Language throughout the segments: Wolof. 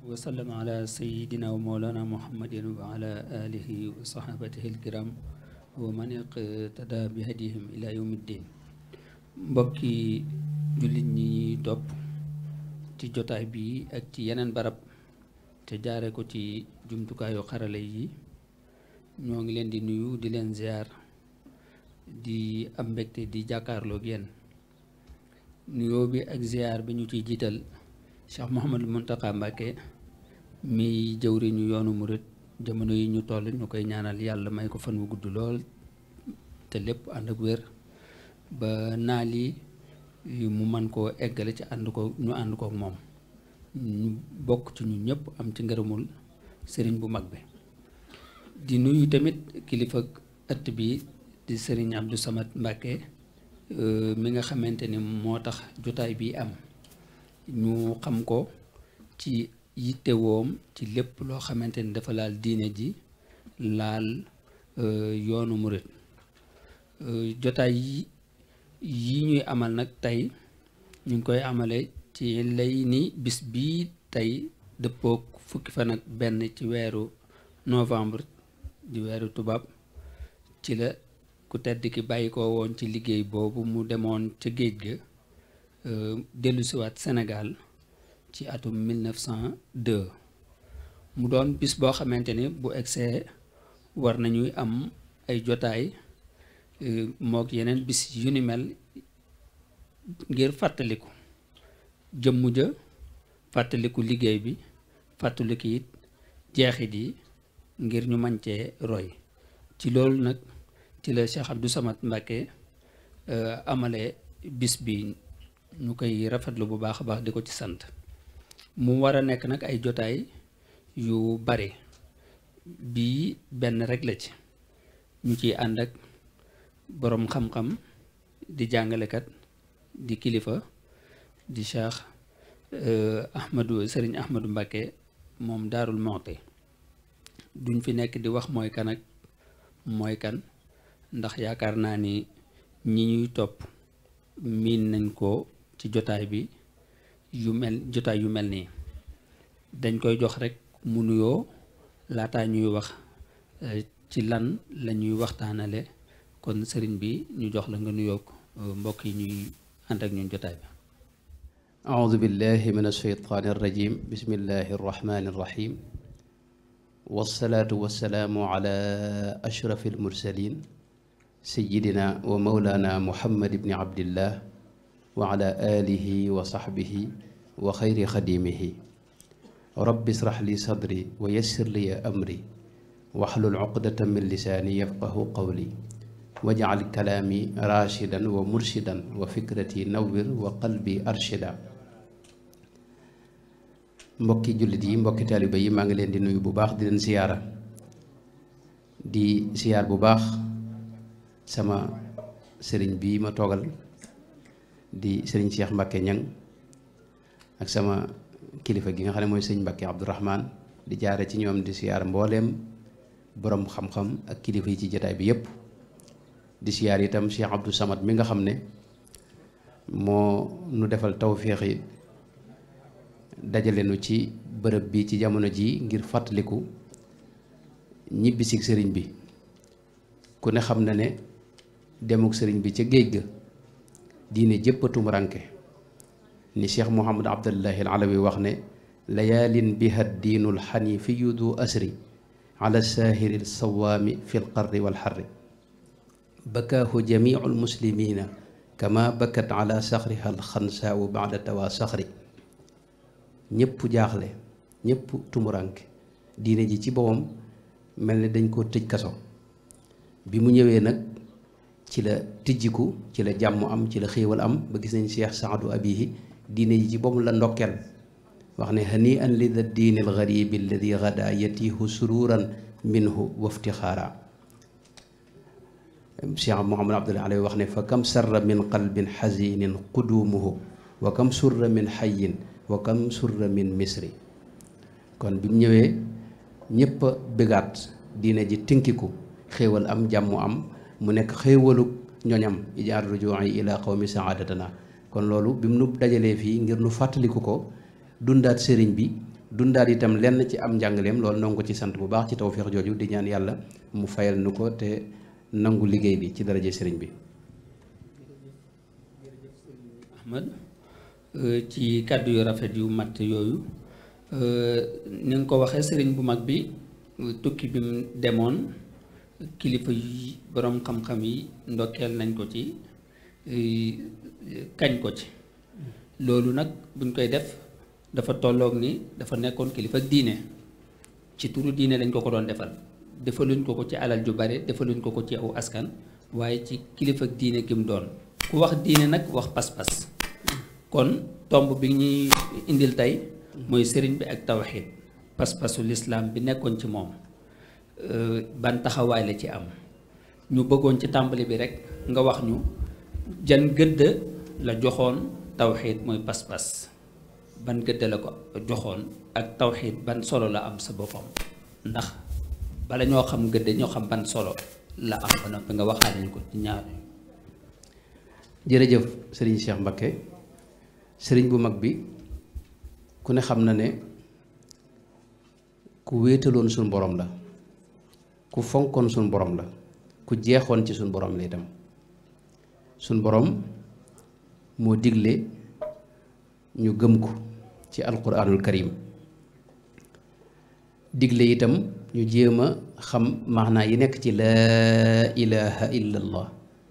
wa sallam ala sayidina wa mawlana muhammadin wa ala alihi wa sahabatihi alkiram wa man iqtada bi hadihim ila yawmiddin mbokki jullit ñi topp ci jotaay bi ak ci yeneen barab te jaare ko ci jumtukaayu xarala yi ñoo ngi leen di nuyu di leen ziar di am mbégte di jàkkaarloo yéen nuyoo bi ak ziar bi ñu ciy jiital Cheikh Mouhamadou Mountakha Mbacké mi jëwriñu yoonu murit jamono yi ñu toll ñu koy ñaanal yàlla may ko fan wu gudd lool te lépp ànd ak wér ba naal yi mu man koo eggale ci ànd ko ñu ànd kook moom ñu bokk ci ñu ñëpp am ci ngërëmul sëriñ bu mag bi di nuyu tamit kilifa ëtt bi di sëriñ Abdou Samad Mbacké euh, mi nga xamante ni moo tax jotaay bi am ñu xam ko ci yittewoom ci lépp loo xamante ni dafa laal diine ji laal euh, yoonu murit euh, jotaay yi ñuy amal nag tey ñu ngi koy amale ci lay ni bis bi tey dëppook fukki fan ak benn ci weeru novembre di weeru tubaab ci la ku tedd ki bàyyi ko woon ci liggéey boobu mu demoon ca géej ga Euh, dellu siwaat senegal ci atum 1902 mu doon bis boo xamante ni bu egsee war nañuy am ay jotaay euh, mook yeneen bis yu ni mel ngir fàttaliku jëmm ja fàttaliku liggéey bi fàttaliku it jeexit yi ngir ñu mën cee roy ci loolu nag ci la Cheikh Abdou Samad Mbacké euh, amale bis bi ñu koy rafetlu bu baax a baax di ko ci sant mu war a nekk nag ay jotaay yu bare bii benn rek la ci ñu ciy ànd ak boroom xam-xam di jàngalekat di kilifa di Cheikh Ahmadu Sëriñ Ahmadu Mbàkke moom Daarul Muxti duñ fi nekk di wax mooy kan ak mooy kan ndax yaakaar naa ni ñi ñuy topp miin nañ ko ci jotaay bi yu mel jotaay yu mel nii dañ koy jox rek mu nuyoo laataa ñuy wax euh, ci lan la ñuy waxtaanale kon sëriñ bi ñu jox la nga nuyoo euh, mbokk yi ñuy ànd ak ñun jotaay bi aoudu billahi min alsheytaani arrajim bismillahi arrahmani arrahim wassalaatu wassalaamu ala ashrafi almursalin sayidina wa maulana muhammad ibni abdillah wa ala alihi wa xayri xadimihi rabbi israh li sadri wa yassir li amri waxlul uqdatan min lisaani yafqahu qawli wajcal kalaami raashidan wa murshidan wa fikrati nawwir wa qalbi arshida mbokki jullit yi mbokki taaliba yi maa ngi leen di nuyu bu baax di leen siyaara di siyaar bu baax sama sëriñ bi ma toogal di sëriñ Cheikh Mbacke ñan ak sama kilifa gi nga xam ne mooy sëriñ Mbacke Abdourahman di jaare ci ñoom di siyaar mbooleem borom xam-xam ak kilifa yi ci jataay bi yépp di siyaar itam Cheikh Abdou Samad mi nga xam ne moo nu defal tawféex yi dajale nu ci bërëb bi ci jamono ji ngir fàttaliku ñibbisig sëriñ bi ku ne xam na ne demuk sëriñ bi ca géej ga diine jëpp a ni cheikh mouhamad abdallahi alawi wax ne layaalin biha diinu lxanifiyu du asri ala saahiri lsawaami fi lqarri walxarri bakaahu jamiu lmuslimina kama bakat ala saxriha alxansaawu baada tawaa saxri ñëpp jaaxle ñëpp tumuranke diine ji ci boppam mel ne dañ ko tëj kaso bi mu ñëwee nag ci la tijjiku ci la jàmm am ci la xéewal am ba gis nañ Cheikh Saadu abihi diine ji ci boobu la ndokkeel wax ne hani an li da diini alxaribi alladi gada yatiihu sururan minhu waftixaara Cheikh Mouhamad Abdoulaye Alay wax ne fa kam sarra min qalbin xasinin qudumuhu wa kam surra min xayin wa kam surra min misri kon bi mu ñëwee ñëpp a bëggaat diine ji tinkiku xéewal am jàmm am mu nekk xéewalug ñoñam ijaar rujuu'i ila qawmi saadatana kon loolu bi mu nu dajalee fii ngir nu fàttaliku ko dundaat sëriñ bi dundaat itam lenn ci am njàngaleem lool nangu ko ci sant bu baax ci tawféex jooju di ñaan yàlla mu fayal nu ko te nangu liggéey bi ci daraje sëriñ bi Ahmad euh, ci kàddu yu rafet yu matt yooyu euh, ni ko waxee sëriñ bu mag bi tukki bi demoon kilifa yi boroom xam-xam yi ndokkeel nañ ko ci eh, kañ ko ci loolu nag buñ koy def dafa tollook ni dafa nekkoon kilifa diine ci turu diine lañ ko ko doon defal defaluñ ko ko ci alal ju bare defaluñ ko ko ci aw askan waaye ci kilifa diine gi mu doon ku wax diine nag wax pas-pas kon tomb bi ñuy indil tey mooy sëriñ bi ak tawxiid pas-pasu lislaam bi nekkoon ci moom Euh, ban taxawaay la ci am ñu bëggoon ci tàmbali bi rek nga wax ñu jan gëdd la joxoon tawxiid mooy pas-pas ban gëdd la ko joxoon ak tawxiid ban solo la am sa boppam ndax bala ñoo xam gëdd ñoo xam ban solo la am ba noppi nga waxaale ñu ko ci ñaar jërëjëf sëriñ Cheikh Mbacké sëriñ bu mag bi ku ne xam na ne ku wéetaloon suñu borom la ku fonkoon suñu boroom la ku jeexoon ci suñu boroom la itam suñu boroom moo digle ñu gëm ko ci alquranul karim digle itam ñu jéem a xam maanaa yi nekk ci laa ilaha illa allah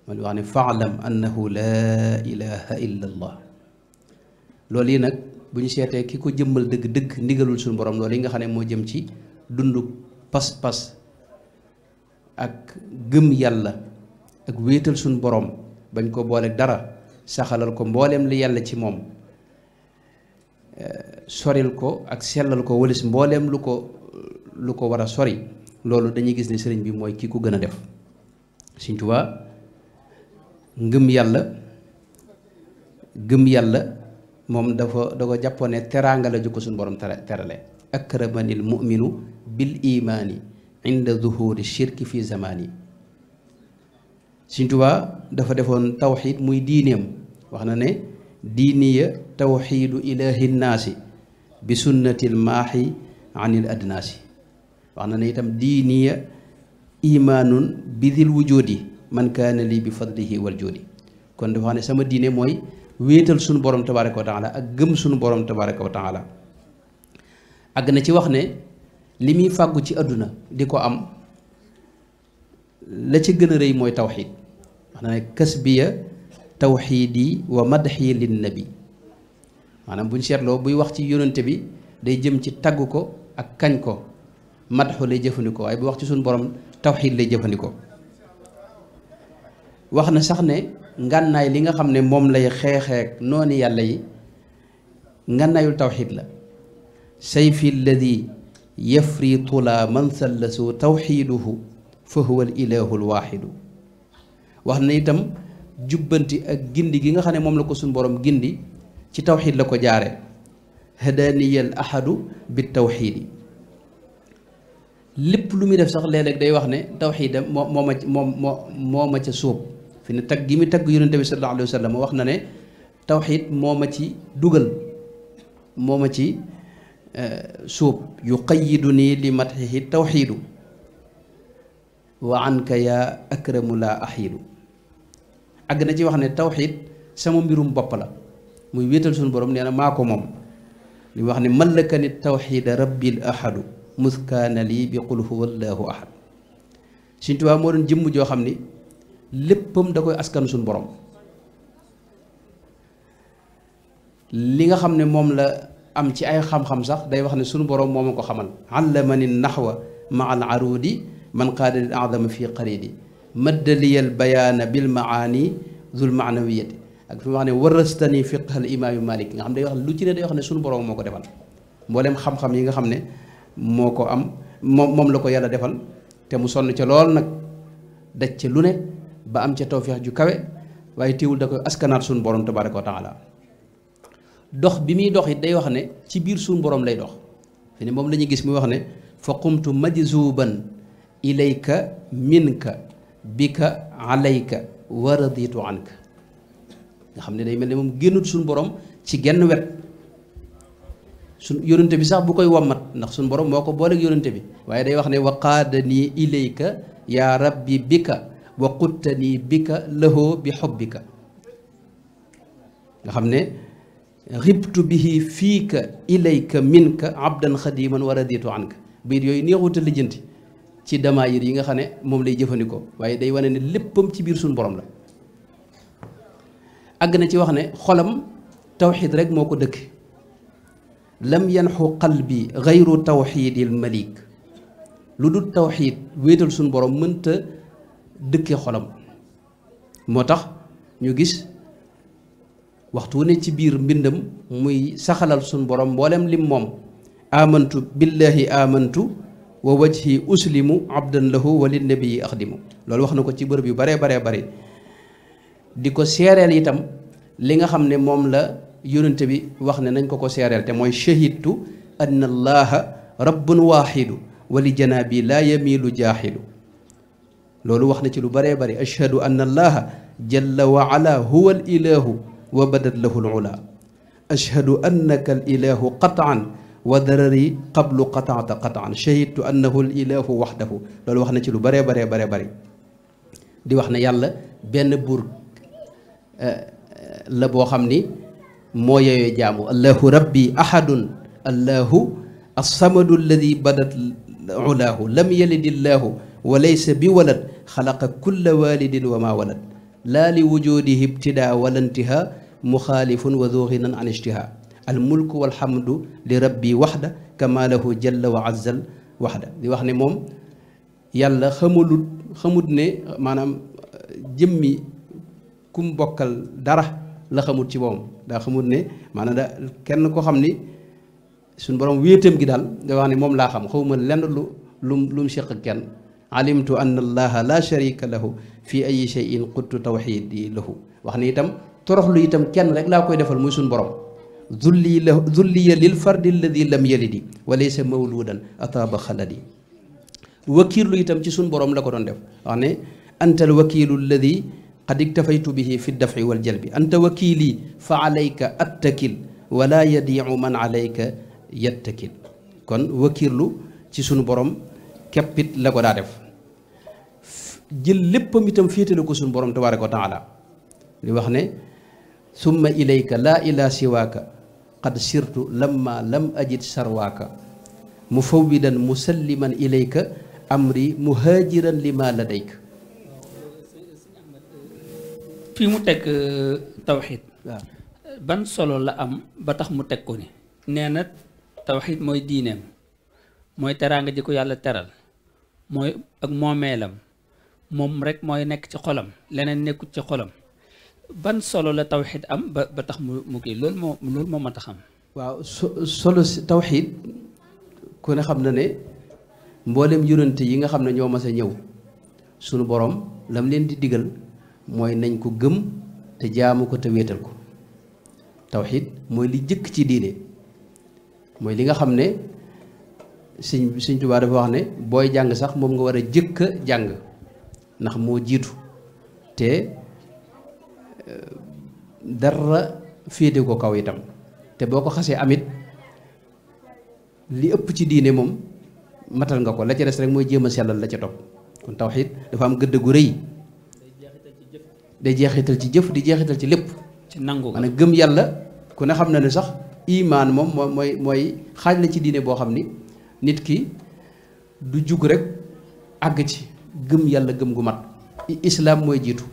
wax ne faalam annahu laa ilaha yi nag bu ñu seetee ki ko jëmmal dëgg-dëgg ndigalul suñu borom loolu yi nga xam ne moo jëm ci dund pas-pas ak gëm yàlla ak wéetal suñu boroom bañ ko boole dara saxalal ko mbooleem li yàlla ci moom eh, soril ko ak sellal ko walis mbooleem lu ko lu ko war a sori loolu dañuy gis ne sëriñ bi mooy kii ko gën a def Sëriñ Tuubaa ngëm yàlla gëm yàlla moom dafa da ko jàppoon ne teraanga la ko suñu boroom terale akramanil mu'minu bil imaani inda zuhuri shirki fi zamaan yi dafa defoon tawxiid muy diineem wax na ne diiniya tawxiidu ilaahi bi sunnatil maaxi anil wax na ne itam diiniya imaanun bi dil wujoodi man kaana lii bi fadlihi wal joodi kon dafa wax ne sama diine mooy wéetal sunu borom tabaaraka wa taala ak gëm sunu borom tabaaraka wa taala àgg na ci wax ne li muy fàggu ci àdduna di ko am la ci gën a rëy mooy tawxiid maanaam kasbiya tawxiidi wa madxi lin nabi maanaam buñ seetloo buy wax ci yónnante bi day jëm ci tagg ko ak kañ ko jëfandikoo waaye wax ci suñu borom tawxiid lay jëfandikoo wax na sax ne ngànnaay li nga xam ne moom lay xeexeek noonu yàlla yi ngànnaayul tawxiid la sayfi alladi yafritu la man sallasu tawxiiduhu fa huwa al ilaahu al wax na itam jubbanti ak gindi gi nga xam ne moom la ko suñ boroom gindi ci tawxiid la ko jaare hadaniyal ahadu bi tawxiidi lépp lu muy def sax léeg day wax ne tawxiidam moo moo ma moom moo ma ca suub fi ne tag gi mu tagg yonente bi sallallahu alayhi wa sallam wax na ne tawxiid moo ma ci dugal moo ma ci suub yuqayidu nii li matxihi tawxiidu wa anka yaa akramu laa axiidu àgg na ci wax ne tawxiid sama mbirum bopp la muy wéetal suñu borom nee na maa ko moom li wax ne mallaka ni tawxiida rabbil ahadu muskaana lii bi qul huwa allaahu ahad Sëñ moo doon jëmm joo xam ni léppam da koy askanu suñu borom li nga xam ne moom la am ci ay xam-xam sax day wax ne sunu borom moom ma ko xamal allamani naxwa maa al aruudi man qaada lil adama fii qariidi maddaliyal bayaana bil maani zul maanawiyati ak fi mu wax ne warastani fiqhal imaamu malik nga xam day wax lu ci ne day wax ne sunu borom moo ko defal mbooleem xam-xam yi nga xam ne moo ko am moom moom la ko yàlla defal te mu sonn ca lool nag daj ca lu ne ba am ca tawféex ju kawe waaye teewul da koy askanaat sunu borom tabaaraka wa taala dox bi muy dox day wax ne ci biir suñu boroom lay dox fi ne moom lañuy gis muy wax ne fa qumtu majzuban ilayka minka bika alayka wa raditu nga xam ne day mel ni moom génnut suñu boroom ci genn wet suñ yonente bi sax bu koy wammat ndax suñu borom moo ko booleeg yonente bi waaye day wax ne wa qaadanii ilayka yaa rabbi bika wa bika lahoo bi xubbika nga xam ne ribtu bihi fiika ilayka minka abdan xadiman wa raditu anka biir yooyu neexuta lijjanti ci damaayir yi nga xam ne moom lay jëfandikoo waaye day wane ne léppam ci biir suñu borom la àgg na ci wax ne xolam tawxid rek moo ko dëkk lam yanxu qalbi gayru tawxidil malik lu dul tawxiit wéetal suñu borom mënta dëkke xolam moo tax ñu gis waxtu wu ne ci biir mbindam muy saxalal suñ borom mboolem lim moom amantu billahi amantu wa wajhi uslimu abdan lahu wa linnabii axdimu loolu wax na ko ci bërëb yu baree baree bari di ko seereel itam li nga xam ne moom la yónente bi wax ne nañ ko ko seereel te mooy shahidtu anna allaha rabbun waaxidu wa li janaabi laa yamiilu jaaxidu loolu wax na ci lu baree bari ashhadu anna allaha jalla wa ala huwa al wa badat lahu lula ashhadu annaka al ilahu qataan wa darari qablu qataata qataan shahidtu annahu al ilahu waxdahu loolu wax na ci lu baree baree baree bëri di wax ne yàlla benn buur eh, la boo xam ni moo yeyoo jaamu allahu rabbi ahadun allahu alsamadu alladi badat ulaahu lam yalid illaahu wa laysa bi walad xalaqa kulla walidin wa ma walad laa li wujudihi ibtidaa wala intiha muxaalifun wa zuxinan an ijtiha al mulku walhamdu li rabbi waxda kama lahu jalla wa azal waxda di wax ne moom yàlla xamalut xamut ne maanaam jëmmi kum bokkal dara la xamut ci moom daa xamut ne maanaam da kenn ko xam ni suñ borom wéetam gi daal da wax ne moom laa xam xawma lenn lu lum lu mu kenn alimtu anna allaha la sharika lahu fii ay shay'in quttu tawxiidi lahu wax ni itam toroxlu itam kenn rek laa koy defal muy suñu borom zulli la zulliya lil fardi alladi lam yalidi wa laysa mawludan itam ci suñu borom la ko doon def wax ne anta al wakiilu alladi iktafaytu bihi fi dafci wal jalbi anta wakiili fa alayka attakil wala yadiicu man alayka yattakil kon wakiirlu ci suñu borom képpit la ko daa def jël léppam itam féetale ko suñu borom tabaaraka wa taala li wax ne summa ilayka laa ilaa siwaaka qad sirtu lamma lam ajid sarwaaka mufawwidan musalliman ilayka amri muhaajiran lima ladayka fii mu teg euh, tawxiid ban solo la am ba tax mu teg ko ni nee na mooy diineem mooy teraanga ji ko yàlla teral mooy ak moomeelam moom rek mooy nekk ci xolam leneen nekkut ci xolam ban solo la tawxid am ba tax mu mu kii loolu moom loolu moo tax am waaw solo si tawxid ku ne xam na ne mboolem yonante yi nga xam ne ñoo mas a ñëw sunu borom lam leen di digal mooy nañ ko gëm te jaamu ko te ko tawxid mooy li jëkk ci diine mooy li nga xam ne sëñ sëñ Tuubaa dafa wax ne booy jàng sax moom nga war a jëkk a jàng ndax moo jiitu te euh, dara féete ko kaw itam te boo ko xasee amit li ëpp ci diine moom matal nga ko la ca des rek mooy jéem a sellal la ca topp kon tawxiid dafa am gëdd gu rëy day jeexital ci jëf di jeexital ci lépp ci nangu maanaam gëm yàlla ku ne xam na ne sax imaan moom mooy xaaj la ci diine boo xam ni nit ki du jug rek àgg ci gëm yàlla gëm gu mat islaam mooy jiitu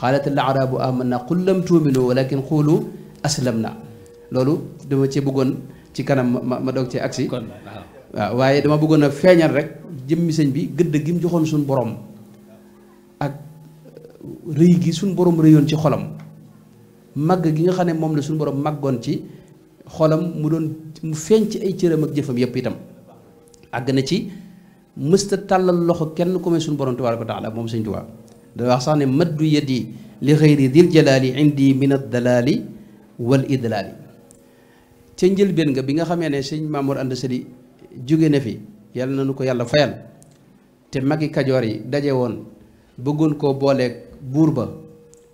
xaalat al arabu amanna qul lam tuuminu walakin qulu na loolu dama cee bëggoon ci kanam ma ma doog cee agsi waaw waaye dama bëggoon a feeñal rek jëmmi sëñ bi gëdd gi mu joxoon suñu boroom ak rëy gi suñu borom rëyoon ci xolam màgg gi nga xam ne moom la suñ borom màggoon ci xolam mu doon mu feeñ ci ay cëram ak jëfam yépp itam àgg na ci mësta tàllal loxo kenn ku may suñu borom tabaaraka wa taala moom sëñ Tuubaa da wax sax ne maddu yadi li xëyri dil jalaali indi min addalaali nga bi nga xamee ne sëñ Mamour Anta jóge na fi yàlla na ko yàlla fayal te magi kajoor yi daje woon bëggoon koo booleeg buur ba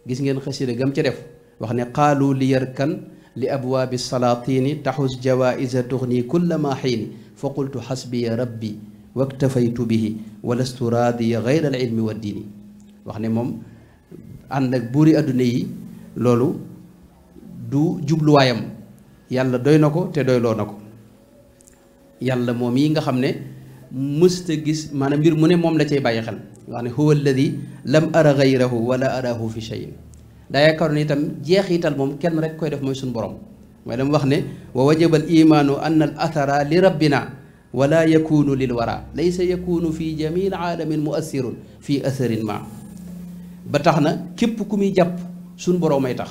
gis ngeen xasida gam ci def wax ne qaalu li kan li abwaabi salaatini taxus jawaisa tuxni kulla ma xiini fa qultu xasbiya rabbi waktafaytu bihi walastu raadiya gayra al ilmi wa diini wax ne moom ànd ak buuri àdduna yi loolu du jubluwaayam yàlla doy na ko te doyloo na ko yàlla moom yi nga xam ne mësta gis maanaam mbir mu ne moom la cay bàyyi xel wax ne huwa alladi lam ara gayrahu wala arahu fi cheyin daa yaakaar ne itam jeexital moom kenn rek koy def mooy suñu borom mooy dama wax ne wa wajaba imaanu anna al athara li rabbina walaa yakunu lil wara laysa yakunu fi jamil aalamin muassirun fi asarin ma ba tax na képp ku muy jàpp suñ borom ay tax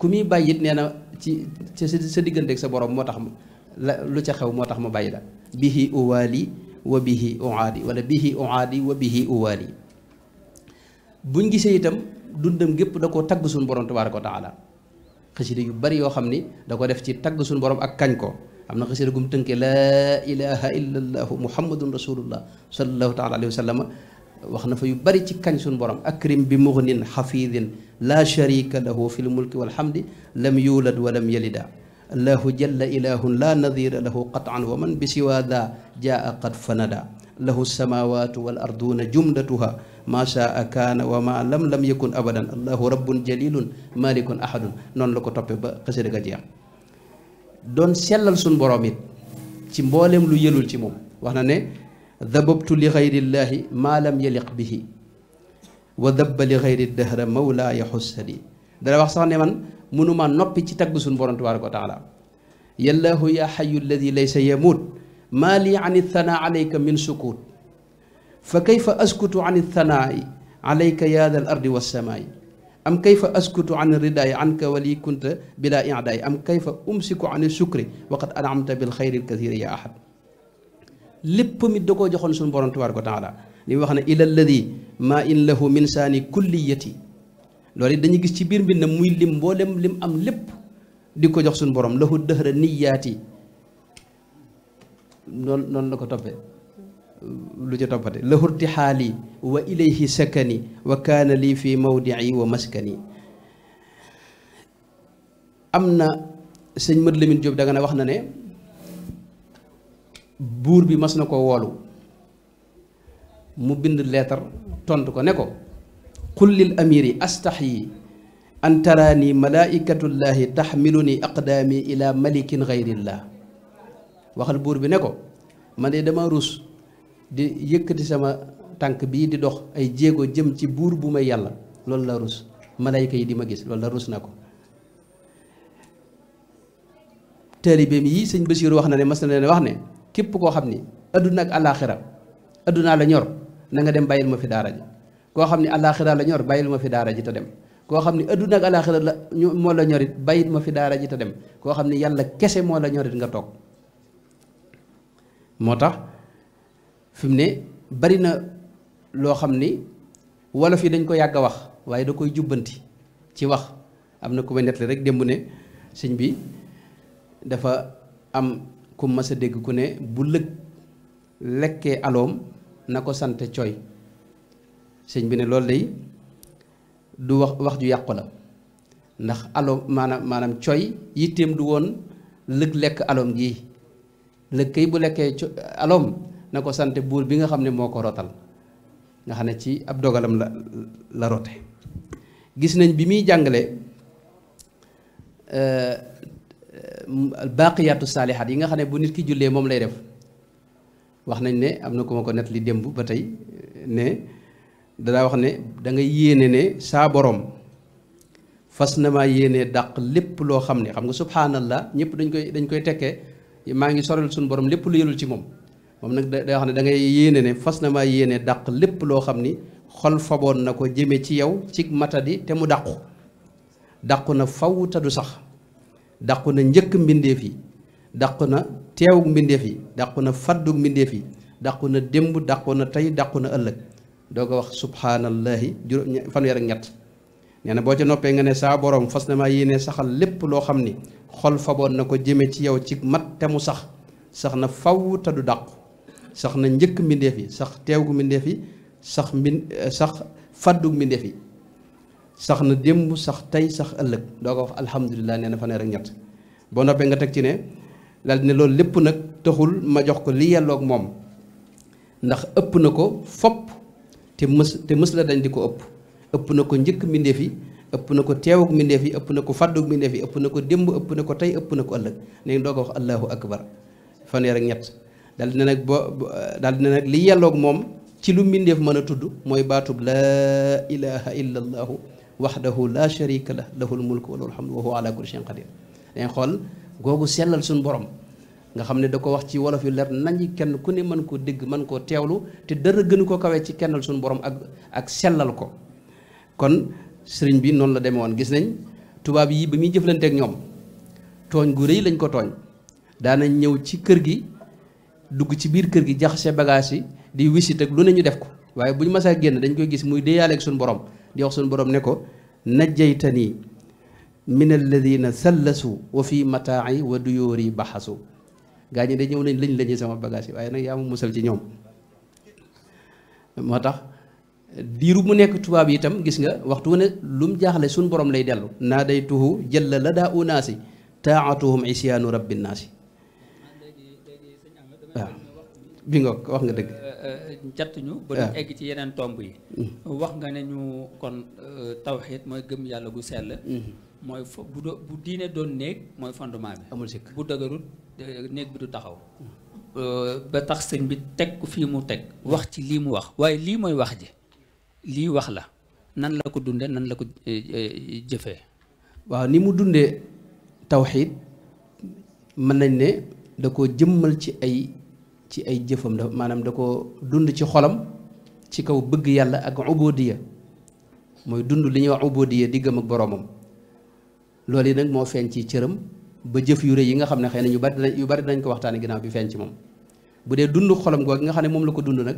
ku muy bàyyit it nee na ci sa diggante ak sa borom moo tax la lu ca xew moo tax mu bàyyi la bihi uwaali wa bihi uaadi wala bihi uaadi wa bihi uwaali buñ gisee itam dundam gépp da koo tagg suñu borom tabaaraka wa taala yu bari yoo xam ni da ko def ci tagg suñu borom ak kañ ko am na xasida gum tënkee laa ilaha illa allahu muhammadun rasulullah sallallahu taala alayhi wa sallama wax na fa yu bari ci kañ suñu borom akrim bi mugnin xafidin la sharika lahu fi lmulki walhamdi lam yulad wa lam yalida allahu jalla ilahun la nadira lahu qataan wa man bi siwa da jaa qad fanada lahu lsamawatu wal arduuna jumlatuha ma shaa kaana wa ma lam lam yakun abadan allahu rabbun jalilun malikun ahadun noonu la ko toppee ba xasida ga jeex doon sellal suñ borom it ci mbooleem lu yëlul ci moom wax na ne dababtu li xayrillaahi maa lam yaliq bihi wa dabba li xayri dahra mawlaaya xussadi dana wax sax ne man mënuma noppi ci tagg suñ borom tabaaraka wa taala yallaahu yaa xayu alladi laysa yamuut maa lii an ithanaa alayka min sukuut fa kayfa askutu an ithanaa alayka yaa dal ardi wassamaai am kayfa askutu an ridaay am kayfa umsiku an sukri waqad anamta bil xayri lkathiri ya suñu borom wa taala li wax na ila alladi ma in lahu min kulliyati loolu it gis ci biir mbind na muy lim mboolem lim am lépp di ko jox suñu borom lahu dëhra niyaati noonu noonu la ko toppee lu ci toppate lahu irtixaali wa ilayhi sakani wa kaana lii fi mawdici wa maskani am na sëñ Mët Lamin Jóob da nga ne wax na ne buur bi mas na ko woolu mu bind leetar tont ko ne ko qul lil amiri astaxyi an taraani malaikatullahi taxmiluni aqdaami ila malikin gayrillah waxal buur bi ne ko man de dama ruus di yëkkati sama tànk bii di dox ay jéego jëm ci buur bu may yàlla loolu la rus malayka yi di ma gis loolu la rus na ko taalibeem yii sëñ Basiiru wax na ne mas na ne wax ne képp koo xam ni adduna ak alaaxira addunaa la ñor na nga dem bàyyil ma fi daara ji koo xam ni alaaxira la ñor bàyyil ma fi daara ji te dem koo xam ni adduna ak alaaxira la moo la ñorit bàyyil ma fi daara ji te dem koo xam ni yàlla kese moo la ñorit nga toog moo tax fi mu ne bari na loo xam ni wolof yi dañ ko yàgg wax waaye da koy jubbanti ci wax am na ku may nettali rek démb ne sëñ bi dafa am ku mas a dégg ku ne bu lëg lekkee aloom na ko sant cooy sëñ bi ne loolu day du wax wax ju yàqu la ndax aloom maanaam maanaam coy yitteem du woon lëg lekk aloom gii lëg kay bu lekkee aloom na ko sante buur bi nga xam ne moo ko rotal nga xam ne ci ab dogalam la la rote gis nañ bi muy jàngale euh, euh, baaqiyaatu saalihaat yi nga xam ne bu nit ki jullee moom lay def wax nañ ne am na ku ko net li démb ba tey ne danaa wax ne dangay nga yéene ne saa borom fas na maa yéene daq lépp loo xam ne xam nga subhaanallah ñëpp dañ koy dañ koy tekkee maa ngi sorel sunu borom lépp lu yelul ci moom moom nag day wax ne da ngay yéene ne fas na maa yéene dàq lépp loo xam ni xol faboon na ko jëme ci yow ci matadi te mu dàqu dàqu na faw te sax dàqu na njëkk mbindeef yi dàqu na teewug mbindeef yi dàqu na faddug mbindeef yi dàqu na démb dàqu na tey dàqu na ëllëg doo ko wax subhaanallahi juróom fanweer ñett nee na boo ca noppee nga ne saa borom fas na maa yéene lépp loo xam ni xol faboon na ko jëme ci yow ci mat te mu sax sax na faw te du dàqu sax na njëkk mbindeef yi sax teew gu mbindeef yi sax mbin eh, sax fàddu mbindeef yi sax na démb sax tey sax ëllëg doo ko wax alhamdulilah nee na fanweer ak ñett boo noppee nga teg ci ne daal ne loolu lépp nag taxul ma jox ko li yelloog moom ndax ëpp na ko fopp te mës te mës la dañ di ko ëpp ëpp na ko njëkk mbindeef yi ëpp na ko teewug mbindeef yi ëpp na ko fàddug mbindeef yi ëpp na ko démb ëpp na ko tey ëpp na ko ëllëg léegi doo ko wax allahu akbar fanweer ak ñett dal dina nag bo dal dina nag li yelloog moom ci lu mbindeef mën a tudd mooy baatub laa ilaha illa allahu waxdahu la sharika lah lahul mulku wa lahul hamdu wa huwa ala kulli shay'in qadir dañ xool googu sellal suñu borom nga xam ne da ko wax ci wolof yu leer nañu kenn ku ne mën koo dégg mën koo teewlu te dara gënu ko kawee ci kennal suñu borom ak ak sellal ko kon sëriñ bi noonu la demee woon gis nañ tubaab yi ba muy jëflanteeg ñoom tooñ gu rëy lañ ko tooñ daanañ ñëw ci kër gi dugg ci biir kër gi jaxase bagage yi di wisit ak lu ne ñu def ko waaye bu ñu masaa génn dañ koy gis muy déeyaale ak borom di wax suñu borom ne ko najjaytanii min alladina sallasu wa fi mataa'i wa duyóori baxasu gaa ñi de ñëw nañ lañ lañu sama bagage yi waaye nag yaa ma musal ci ñoom moo tax diiru mu nekk tubaab yi itam gis nga waxtu ne lum jaaxle suñu borom lay dellu naa day tuhu jëlla la daa unaasi taatuhum isyaanu rabbi waaw bi nga wax nga dëgg. Euh, euh, jattuñu ba ñu ah. egg ci yeneen tomb yi. Mm. wax nga ne ñu kon euh, tawxiid mooy gëm yàlla gu sell. Mm. mooy fo bu do bu diine doon néeg mooy fondement bi. amul sikk bu dëgërul néeg bi du taxaw. Mm. ba tax sëñ bi teg ko fi mu teg wax ci lii mu wax waaye lii mooy wax ji lii wax la nan la ko dundee nan la ko jëfee. waaw ni mu dundee tawxiid mën nañ ne da ko jëmmal ci ay. ci ay jëfam da maanaam da ko dund ci xolam ci kaw bëgg yàlla ak ubodiya mooy dund li ñuy wax ubodiya diggam ak boroomam loolu yi nag moo feeñ ci cëram ba jëf yu rëy yi nga xam ne xëy na ñu bari yu bari dinañ ko waxtaane ginnaaw bi feeñ ci moom bu dee dund xolam googu nga xam ne moom la ko dund nag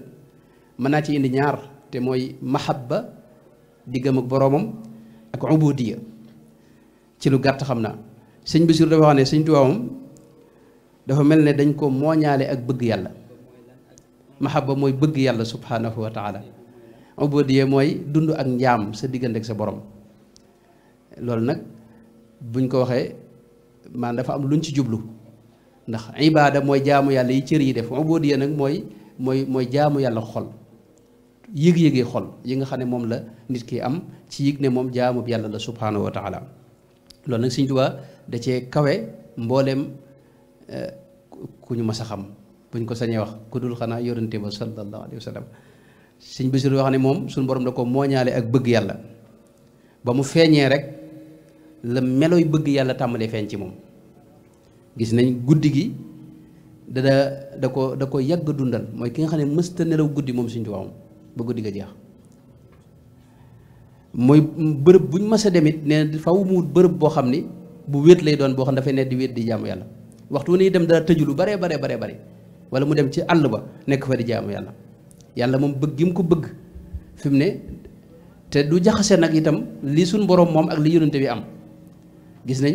mën naa ci indi ñaar te mooy mahabba diggam ak boroomam ak ubodiya ci lu gàtt xam naa sëñ Basiru dafa wax ne sëñ Tuubaa dafa mel ne dañ ko mooñaale ak bëgg yàlla mahabba mooy bëgg yàlla subhanahu wa taala ubudiyya mooy dund ak njaam sa diggante sa borom loolu nag buñ ko waxee maan dafa am luñ ci jublu ndax ibaada mooy jaamu yàlla yi cër yi def ubudiyya nag mooy mooy mooy jaamu yàlla xol yëg-yëgi xol yi nga xam ne moom la nit ki am ci yëg ne moom jaamu yàlla da cee kawe mbooleem ku ñu mas a xam buñ ko sañee wax ku dul xanaa yorante ba sallallahu alayhi wa sallam sëñ Basiru wax ne moom suñu boroom da ko mooñaale ak bëgg yàlla ba mu feeñee rek la melooy bëgg yàlla tàmbalee feeñ ci moom gis nañ guddi gi da da ko da ko yàgg dundal mooy ki nga xam ne mësta nelaw guddi moom suñ tubaabam ba guddi ga mooy bërëb bu ñu mas a demit nee faw mu bërëb boo xam ni bu wéet lay doon boo xam dafay ne di wéet di jaamu yàlla waxtu wu ne dem daa tëju lu bare bare bare bare wala mu dem ci àll ba nekk fa di jaamu yàlla yàlla moom bëgg gi mu ko bëgg fi mu ne te du jaxase nag itam li suñ borom moom ak li yonente bi am gis nañ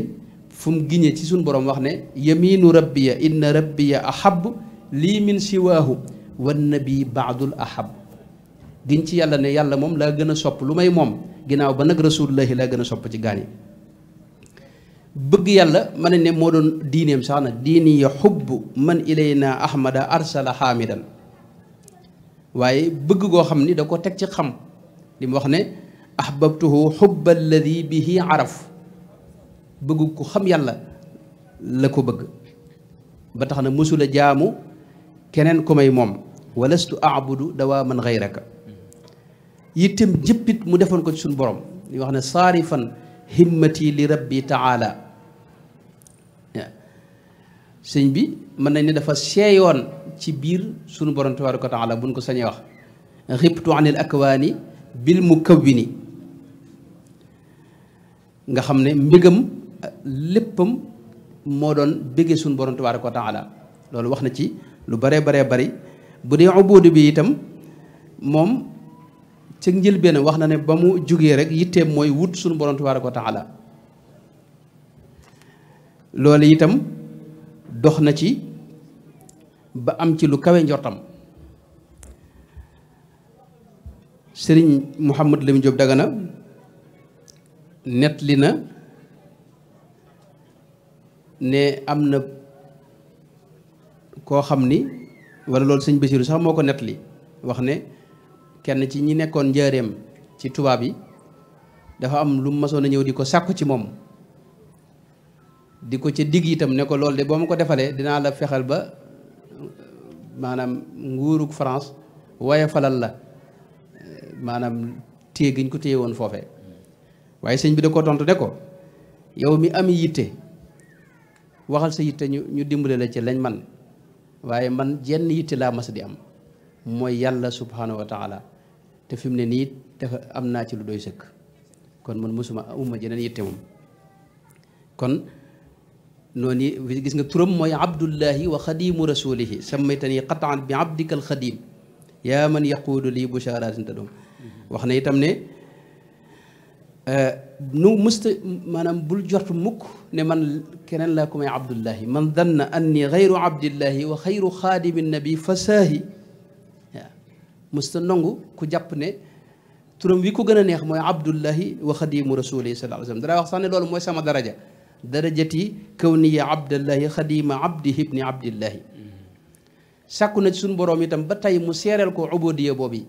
fu mu giñee ci suñ borom wax ne yaminu rabbiya inna rabbiya ahab lii min siwaahu wannabi baadul ahab giñ ci yàlla ne yàlla moom laa gën a sopp lu may moom ginnaaw ba nag rasulullahi laa gën a sopp ci gaañ yi bëgg yàlla mën nañ ne moo doon diineem sax na diini ya xubbu man ilayna ahmada arsala xaamidan waaye bëgg goo xam ni da ko teg ci xam li mu wax ne ahbabtuhu xubba alladi bihi araf bëggu ku xam yàlla la ko bëgg ba tax na mësula jaamu keneen ku may moom walastu abudu dawaaman xayraka yittem jëppit mu defoon ko ci suñu borom li wax ne saarifan himmati li rabbi taala sëñ bi mën nañ ne dafa seeyoon ci biir sunu borom ko wa taala buñ ko sañee wax xibtu anil akwaani bil ni nga xam ne mbégam léppam moo doon béggee sunu borom ko wa taala loolu wax na ci lu baree bare bari bu dee ubudu bi itam moom ca njëlbéen wax na ne ba mu jógee rek yitteem mooy wut suñu borom tabaaraka wa taala loolu itam dox na ci ba am ci lu kawe njortam sëriñ Mouhamad Lamine Diop Dagana nettali na ne am na koo xam ni walla loolu sëñ Basiru sax moo ko nettali wax ne kenn ci ñi nekkoon njëreem ci tubaab yi dafa am lu mu masoon a ñëw di ko sàkku ci moom di ko ca digg itam ne ko loolu de boo ma ko defalee dinaa la fexal ba maanaam nguurug France waaye falal la maanaam téye giñ ko téye woon foofe waaye sëñ bi da ko tontu ne ko yow mi am yitte waxal sa yitte ñu ñu dimbale la ci lañ man waaye man jenn yitte laa mas di am mooy yàlla subhanahu wa taala te fi mu ne nii dafa am naa ci lu doy sëkk kon man mosuma amuma jeneen yitte moom kon noonu gis nga turam mooy abdullahi wa xadimu rasulihi sammaytani qataan bi abdika alxadim yaa man yaquulu lii bushaaratin ta doom wax na itam ne eh, nu musta maanaam bul jot mukk ne man keneen laa ko may man danna anni xayru abdillahi wa xayru xaadimi nabi fasaahi waaw musta nangu ku jàpp ne turam wi ko gën a neex mooy abdullahi wa xadimu rasulihi sallallahu alayhi wa sallam wax sax ne loolu mooy sama daraja darajati kawniya abdallahi xadima abdihi ibni abdillahi sàkku na suñu boroom itam ba tey mu seereel ko ubodiya boobu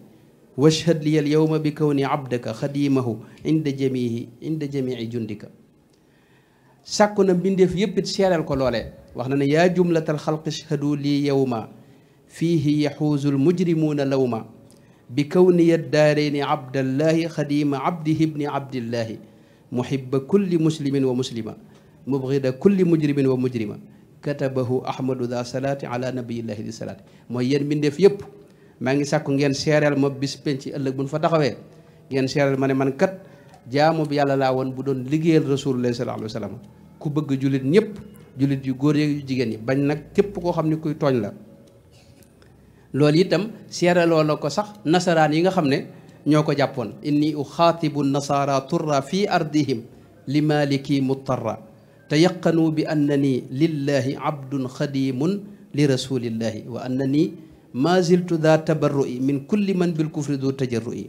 washhad liya al bi kawni abdaka xadimahu inda jamihi inda jamii jundika sàkku na mbindeef yépp it ko loole wax na ne yaa jumlatal xalq ishhadu lii yawma fiihi yaxuuzul mujrimuuna lawma bi kawniya daareeni abdallahi xadima abdihi ibni abdillahi muhibba kulli muslimin wa muslima mubghida kulli mujrimin wa mujrima katabahu ahmadu da salaati ala nabiyillahi di salaati mooy yéen mbindeef yëpp maa ngi sàkk ngeen seereel ma bis penc ëllëg buñ fa taxawee ngeen seereel ma ne man kat jaamu bi yàlla laa woon bu doon liggéeyal rasulullahi sallallahu alayhi wa sallam ku bëgg jullit ñëpp jullit yu góor yu jigéen ñi bañ nag képp koo xam ne kuy tooñ la loolu itam seeraloo la ko sax nasaraan yi nga xam ne ñoo ko jàppoon inni uxaatibu nasara turra fi ardihim li maliki mutarra te yaqanu bi annani lillahi abdun xadimun li rasulillahi wa annani ma ziltu daa tabarru'i min kulli man bil kufri du tajarru'i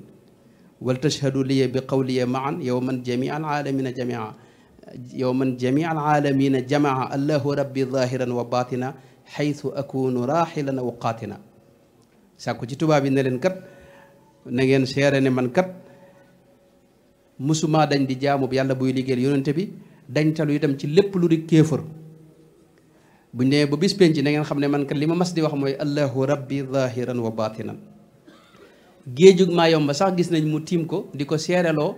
wal tashhadu liya bi qawliya maan yowman jamii al aalamina jamaa yowman jamii al aalamina jamaa allahu rabbi zahiran wa batina xaytu akunu raaxilan wa qaatina sàkku ci tubaab yi ne leen kat na ngeen seere ne man kat musuma dañ di jaamu yàlla buy liggéeyal yonente bi dañtalu itam ci lépp lu di kéefër buñ nee ba bis penc na ngeen xam ne man kat li ma mas di wax mooy allahu rabbi zahiran wa batinan géejug maa yomba sax gis nañ mu tiim ko di ko seereloo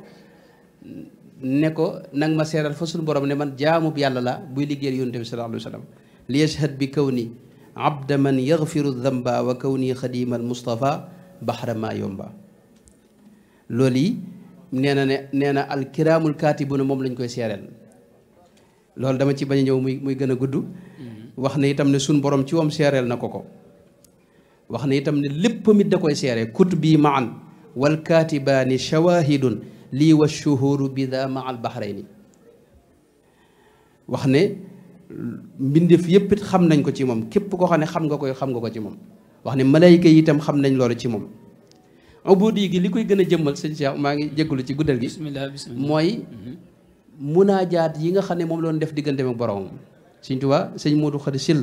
ne ko nag ma seeral fa suñu borom ne man jaamu yàlla la buy liggéeyal yonent bi sallallahu alayhi wa sallam li yashhad bi kaw ni man yaghfiru dhanba wa kawni xadimal mustafa bahra maa yomba loolu yi nee na ne nee na alkiraamul kaatibuna moom lañ koy seereel loolu dama ci bañ a ñëw muy muy gën gudd mm-hmm. wax ne itam ne suñ boroom ci wam seereel na ko ko wax ne itam ne lépp mit da koy seere kutubi maan wal kaatibaani shawahidun lii wa shuhuru bida ma al bahrayni wax ne mbindeef yépp it xam nañ ko ci moom képp koo xam ne xam nga koy xam nga ko ci moom wax ne malayka yi itam xam nañ loolu ci moom ubudi gi li koy gën a jëmmal sëñ Cheikh maa ngi jégalu ci guddal gi mooy mm-hmm. munaajaat yi nga xam ne moom doon def diggante ak boromam sëñ Tuubaa sëñ Moodu Xadi Sill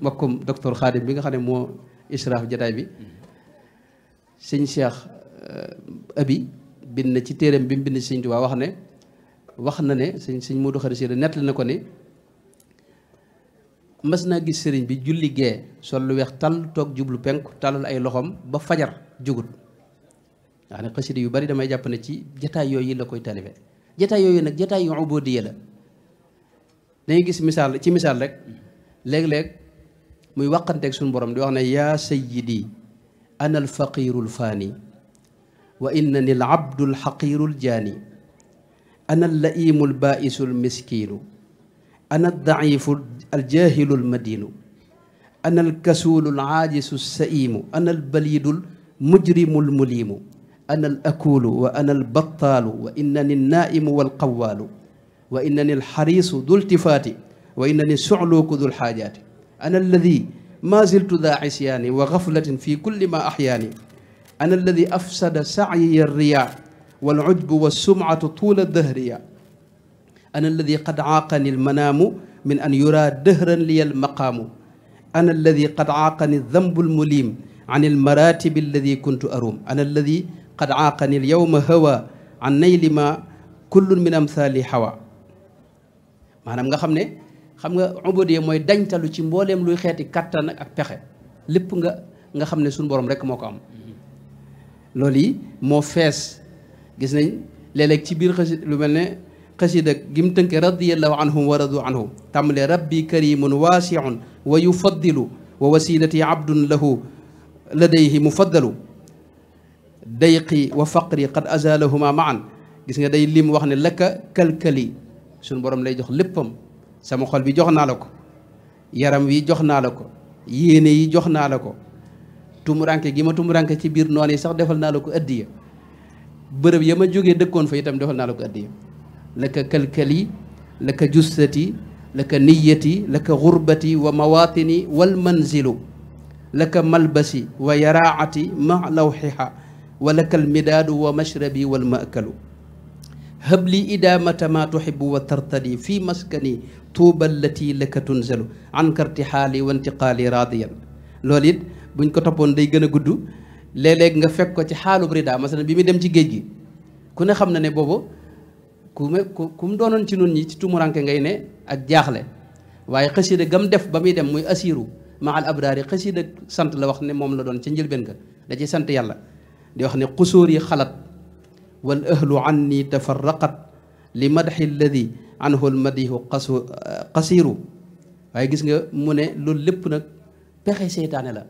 mbokkum docteur Xaadim bi nga xam ne moo israaf jataay bi sëñ Cheikh euh, Abi bind na ci téereem bi mu bind sëñ Tuubaa wax ne wax na ne sëñ sëñ Moodu Xadi Sill nettali na ko ni mas naa gis sëriñ bi julli gee sol lu weex tàll toog jublu penku tàllal ay loxoom ba fajar jugut nga xam ne xasida yu bari damay jàpp ne ci jataay yooyu la koy talibe jataay yooyu nag jataay yu ubudiya la dañuy gis misaal ci misaal rek léeg-léeg muy waqanteeg suñu borom di wax ne yaa sayyidi ana alfaqiru alfaani wa innani alabdu alxaqiru aljaani ana allaimu albaisu almiskiinu ana aldaifu aljahilu almadinu ana alkasuulu alaajisu alsaimu ana albalidu almujrimu almuliimu ana alakulu wa ana albattaalu wa innani naaimu walqawaalu wa innani alxariisu du ltifaati wa innani sucluuku du lxaajaati ana alladi ma ziltu daa isyaani wa gaflatin fi kulli ma axyaani ana alladi afsada sacyiya alriyaa walujbu walsumcatu tuula dahriya ana alladi qad caaqani almanaamu min an yuraa dahran liya almaqaamu ana alladi qad caaqani aldambu almuliim an almaraatibi alladi kuntu aruum ana alladi qad aaqani al yawma hawa an nayli ma kullun min amsali hawa maanaam nga xam ne xam nga ubudiyya mooy dañtalu ci mbooleem luy xeeti kattan ak pexe lépp nga nga xam ne suñu boroom rek moo ko am loolu yi moo fees gis nañ léeg ci biir xasi lu mel ne xasida gi mu tënke radiyallahu anhum wa radu anhu tàmbalee rabbi karimun waasiun wa yufaddilu wa wasilati abdun lahu ladayhi mufaddalu dayqi wa faqri qad azalahuma maan gis nga day lim wax ne lakka kalkali suñu borom lay jox léppam sama xol bi jox naa la ko yaram wi jox naa la ko yéene yi jox naa la ko tumuranke gi ma tumuranke ci biir noonu yi sax defal naa la ko addiya bërëb ya ma jóge dëkkoon fa itam defal naa la ko addiya laka kalkali laka jussati laka niyati laka gurbati wa mawatini wal manzilu laka malbasi wa yaraati ma lawxiha ولك المداد ومشربي والمأكل هب لي إدامة ما تحب وترتدي في مسكني tuuba allati laka tunzalu anka irtixaali wa intiqaali raadiyan loolu it buñ ko toppoon day gën a gudd léeg-léeg nga fekk ko ci xaalub rida masalan bi muy dem ci géej gi ku ne xam na ne boobu ku me ku mu ci nun ñi ci tumuranke ngay ak jaaxle waaye xasida gam def ba muy dem muy asiru ma al abraari sant la wax ne moom la doon ci njëlbeen ga da ci sant yàlla di wax ne xusuur yi xalat wal ahlu anni tafarraqat li madaxi alladi anhu almadihu qasu qasiru waaye gis nga mu ne loolu lépp nag pexe seytaane la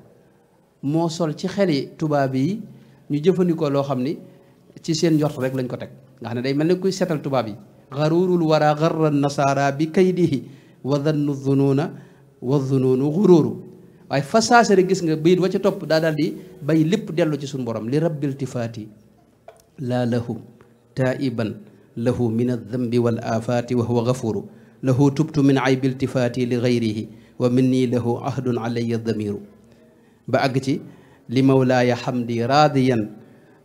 moo sol ci xeli tubaab yi ñu jëfandikoo loo xam ni ci seen njort rek lañ ko teg nga xam ne day mel ne kuy seetal tubaab yi xaruurul wara xarra nasaara bi kaydihi wa dannu zunuuna wa zunuunu xuruuru waaye fa saase rek gis nga bayit wa ca topp daa daal di bay lépp dellu ci suñu borom li rabbil tifaati laa lahu taiban lahu min aldambi wal afaati wa huwa gafuru lahu tubtu min aybi iltifaati li gayrihi wa minni lahu ahdun alayya damiru ba àgg ci li mawlaaya xamdi raadiyan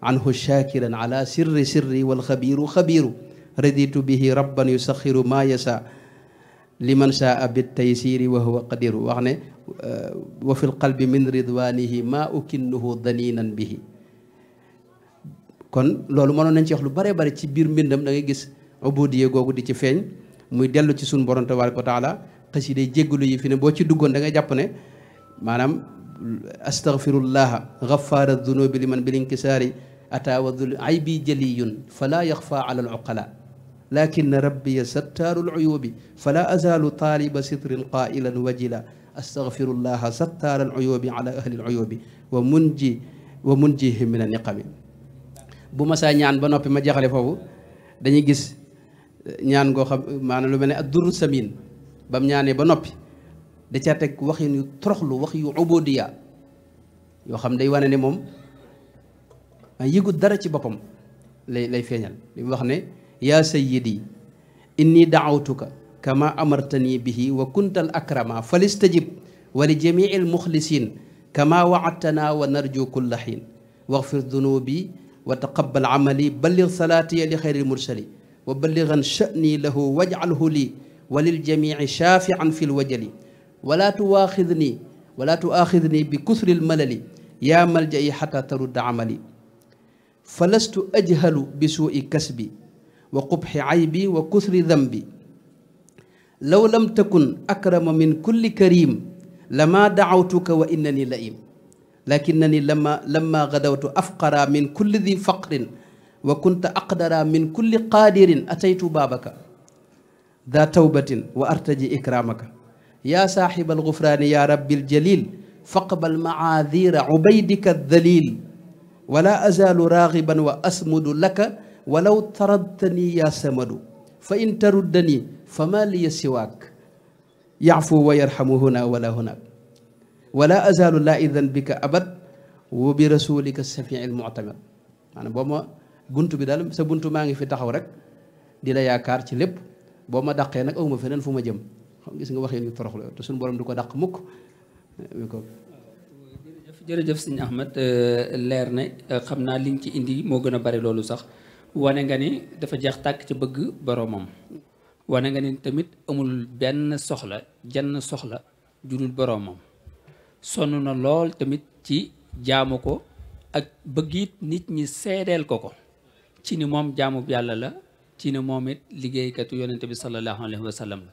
anhu shaakiran ala sirri sirri walxabiru xabiru raditu bihi rabban yusaxiru maa yasa liman saa bit taysiri wa wax ne wa fil qalbi min ridwanihi maa ukinnuhu daninan bihi kon loolu mënoon nañ ci wax lu bare bare ci biir mbindam da ngay gis ubudiye googu di ci feeñ muy dellu ci suñu borom tabaraka wa taala xasida yi yi fi ne boo ci duggoon da jàpp ne maanaam astaghfirullaha ghaffara dunubi liman bil inkisaari ataa wa dul aybi jaliyun falaa al uqala lakin rabbiya sattaaru luyubi fala azaalu taaliba sitrin qaa'ilan wajila astagfiru llaha sattaara luyubi ala ahli luyubi wa munji wa munjihim min a niqami bu ma saa ñaan ba noppi ma jeexale foofu dañuy gis ñaan goo xam maanaam lu mel ne ak durru samin bam mu ba noppi da caa teg waxin yu toroxlu wax yu ubudiya yoo xam day wane ne moom yëgu dara ci boppam lay lay feeñal wax ne yaa sayyidi inni daawtuka kama amartani bihi wa kuntal akrama falistajib wa li jamii almuxlisin kama waadtana wa narju kulla xiin waxfir dunubi wa taqabal amali ballig salaatiya li xayri lmursali wa balligan sha'ni lahu wajcalhu lii wa liljamici shaafian fi lwajali wala tuwaaxidni wala tuwaaxidni bi kusri lmalali yaa malja'i xata tarudda amali falastu ajhalu bi suui kasbi wa qubxi aybi wa kusri dambi law lam takun akrama min kulli karim lama dacawtuka wa innani la im lakinani lama lama gadawtu afqara min kulli di faqrin wa kunta aqdara min kulli qaadirin ataytu baabaka daa tawbatin wa artaji ikramaka yaa saaxiba algufraani yaa rabbi aljalil faqbal macaadira cubaydika aldalil wala azaalu raagiban wa asmudu laka walaw taradtani yaa samadu fa in taruddani fa ma liya siwaak yaafu wa yarhamu huna wala hunaak wala azalu laa idan bika abad wa bi rasulika safii lmutamad boo ma bunt bi daal sa bunt maa ngi fi taxaw rek di la yaakaar ci lépp boo ma daqee nag awma feneen fu ma jëm xam gis nga waxee ñu torox la te borom du ko daq mukk jërëjëf sëñ Ahmad leer na xam naa liñ ci indi moo gën a bari loolu sax wane nga ni dafa jeex tàkk ci bëgg boromam wane nga ni tamit amul benn soxla jenn soxla judul boromam sonn na lool tamit ci jaamu ko ak bëgg it nit ñi seedeel ko ko ci ni moom jaamub yàlla la ci ni moom it liggéeykatu yonente bi sallallahu alayhi wa sallam la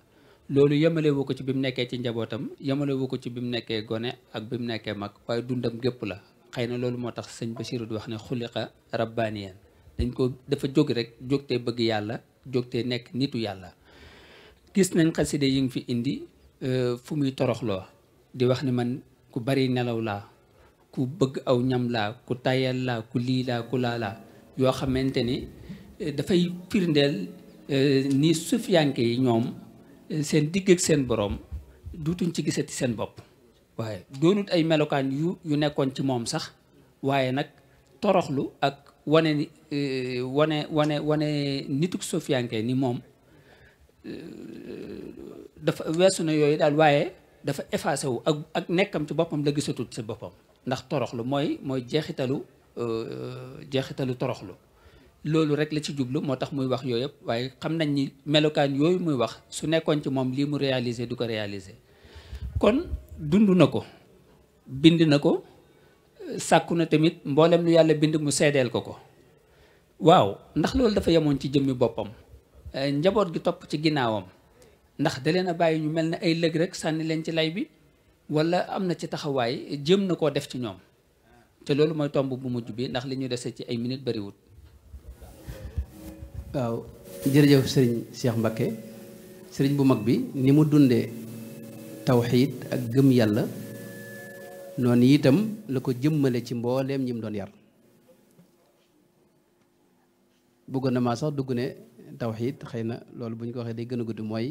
loolu yemale wu ko ci bi mu nekkee ci njabootam yemale ko ci bi nekkee gone ak bi mu nekkee mag waaye dundam gépp la xëy na loolu moo tax sëñ Bachir di wax ne xuliqa rabbaaniyan dañ ko dafa jóg rek jógtee bëgg yàlla te nekk nitu yàlla gis nañ xaside yi nga fi indi euh, fu muy toroxloo di wax ne man ku bari nelaw laa ku bëgg aw ñam laa ku tayel laa ku lii la ku laa laa yoo xamante ni euh, dafay firndeel euh, ni sufiyanke yi ñoom seen digg ak seen boroom duutuñ ci gisati seen bopp waaye doonut ay melokaan yu nekkoon ci moom sax waaye nag toroxlu ak wane euh, wane wane wane nituk sofiyanke ni moom euh, dafa weesu na yooyu daal waaye dafa effacé wu ak ak nekkam ci boppam la gisatul ci boppam ndax toroxlu mooy mooy jeexitalu euh, jeexitalu toroxlu loolu rek la ci jublu moo tax muy wax yooyu yëpp waaye xam nañ ni melokaan yooyu muy wax su nekkoon ci moom lii mu réaliser du ko réaliser kon dund na ko bind na ko sàkku na tamit mboolem lu yàlla bind mu seedeel ko ko waaw ndax loolu dafa yemoon ci jëmmi boppam eh, njaboot gi topp ci ginnaawam ndax da na bàyyi ñu mel ne ay lëg rek sànni leen ci lay bi walla am na ci taxawaay jëm na koo def ci ñoom te loolu mooy tomb bu mujj bi ndax li ñu dese ci ay minutes bariwut waaw jërëjëf sëriñ seex Mbacké sëriñ bu mag bi ni mu dundee tawxiid ak gëm yàlla noonu itam la ko jëmmale ci mbooleem ñi mu doon yar bëggoon na maa sax dugg ne tawxiid xëy na loolu bu ñu ko waxee day gën a gudd mooy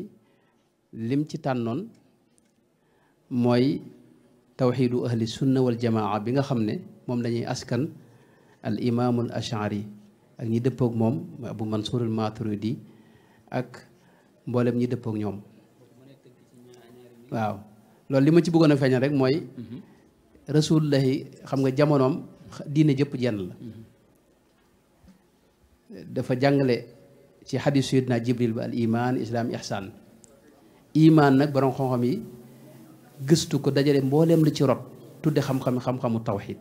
lim ci tànnoon mooy tawxiidu ahli sunna wal jamaa bi nga xam ne moom lañuy askan al imaamul ashari ak ñi dëppook moom abu mansuurul maturidi ak mboolem ñi dëppook ñoom waaw loolu li ci bëggoon a feeñal rek mooy mm-hmm. rasulullahi xam nga jamonoom diine jëpp jenn la dafa jàngale ci xadis sayyidina jibril ba al iman islaam ihsaan iman nag boroom xam-xam yi gëstu ko dajale mboolem li ci rot tudde xam-xam mu xamu tawxid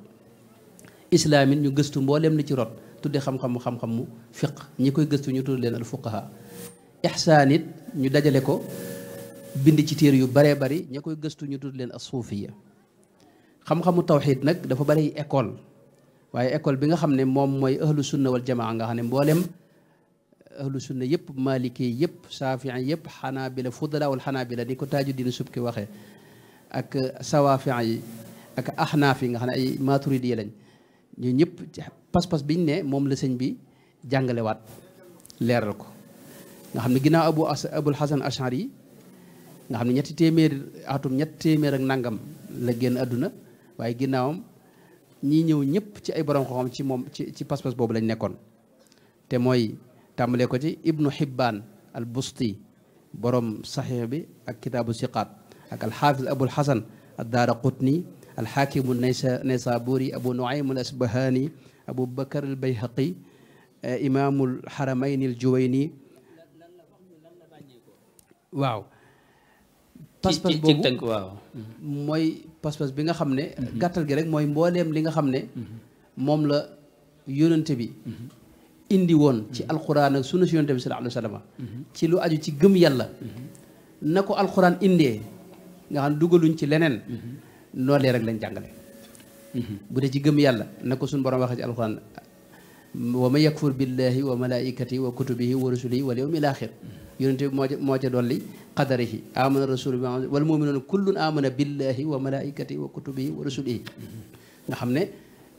islaam it ñu gëstu mbooleem li ci rot tudde xam-xamu xam-xamu fiq ñi koy gëstu ñu tudde leen al fuqaha ihsaan ñu dajale ko bind ci téer yu baree bari ña koy gëstu ñu tudde leen as suufiya xam-xamu tawxiid nag dafa bari école waaye école bi nga xam ne moom mooy ahlu sunna wal jamaa nga xam ne mboolem eh, ahlu sunna yëpp maliki yëpp saafiya yëpp xanaabila fudala wal xanaabila ni ko taaju dina subki waxee ak sawaafiya yi ak axnaaf yi nga xam ne ay maturidi lañ ñu ñëpp pas-pas biñ ne moom la sëñ bi jàngalewaat leeral ko nga xam ne ginnaaw abu abul hasan ashari yi nga xam ne ñetti téeméer atum ak nangam la génn àdduna waaye ginnaawam ñii ñëw ñëpp ci ay borom xam ci moom ci ci pas-pas boobu lañ nekkoon te mooy tàmbalee ko ci ibnu Hibbaan al Busti borom saxiix bi ak kitaabu siqaat ak alxaafis abul xasan ad daara qutni alxaakimu naysa naysaburi abu nuaym al asbahani abu bakar al bayhaqi eh, imaamul xaramayni al juwayni waaw passpass boobu tënk waaw mooy passpass bi nga xam ne gàttal gi rek mooy mbooleem li nga xam ne moom la yónnante bi indi woon ci alxuraan ak sunna si yónnante bi sallallahu alayhi ci lu aju ci gëm yàlla na ko alxuraan indee nga xam ne dugaluñ ci leneen loolee rek lañ jàngale bu dee ci gëm yàlla na ko suñu borom waxee ci alxuraan wa man yakfur billahi wa malaikatihi wa kutubihi wa rusulihi wal yawmil axir yonente bi moo ca moo ca dolli qadarihi amana rasul bi wal muminuuna kullun amana billahi wa malaikatihi wa kutubihi wa rusulihi nga xam ne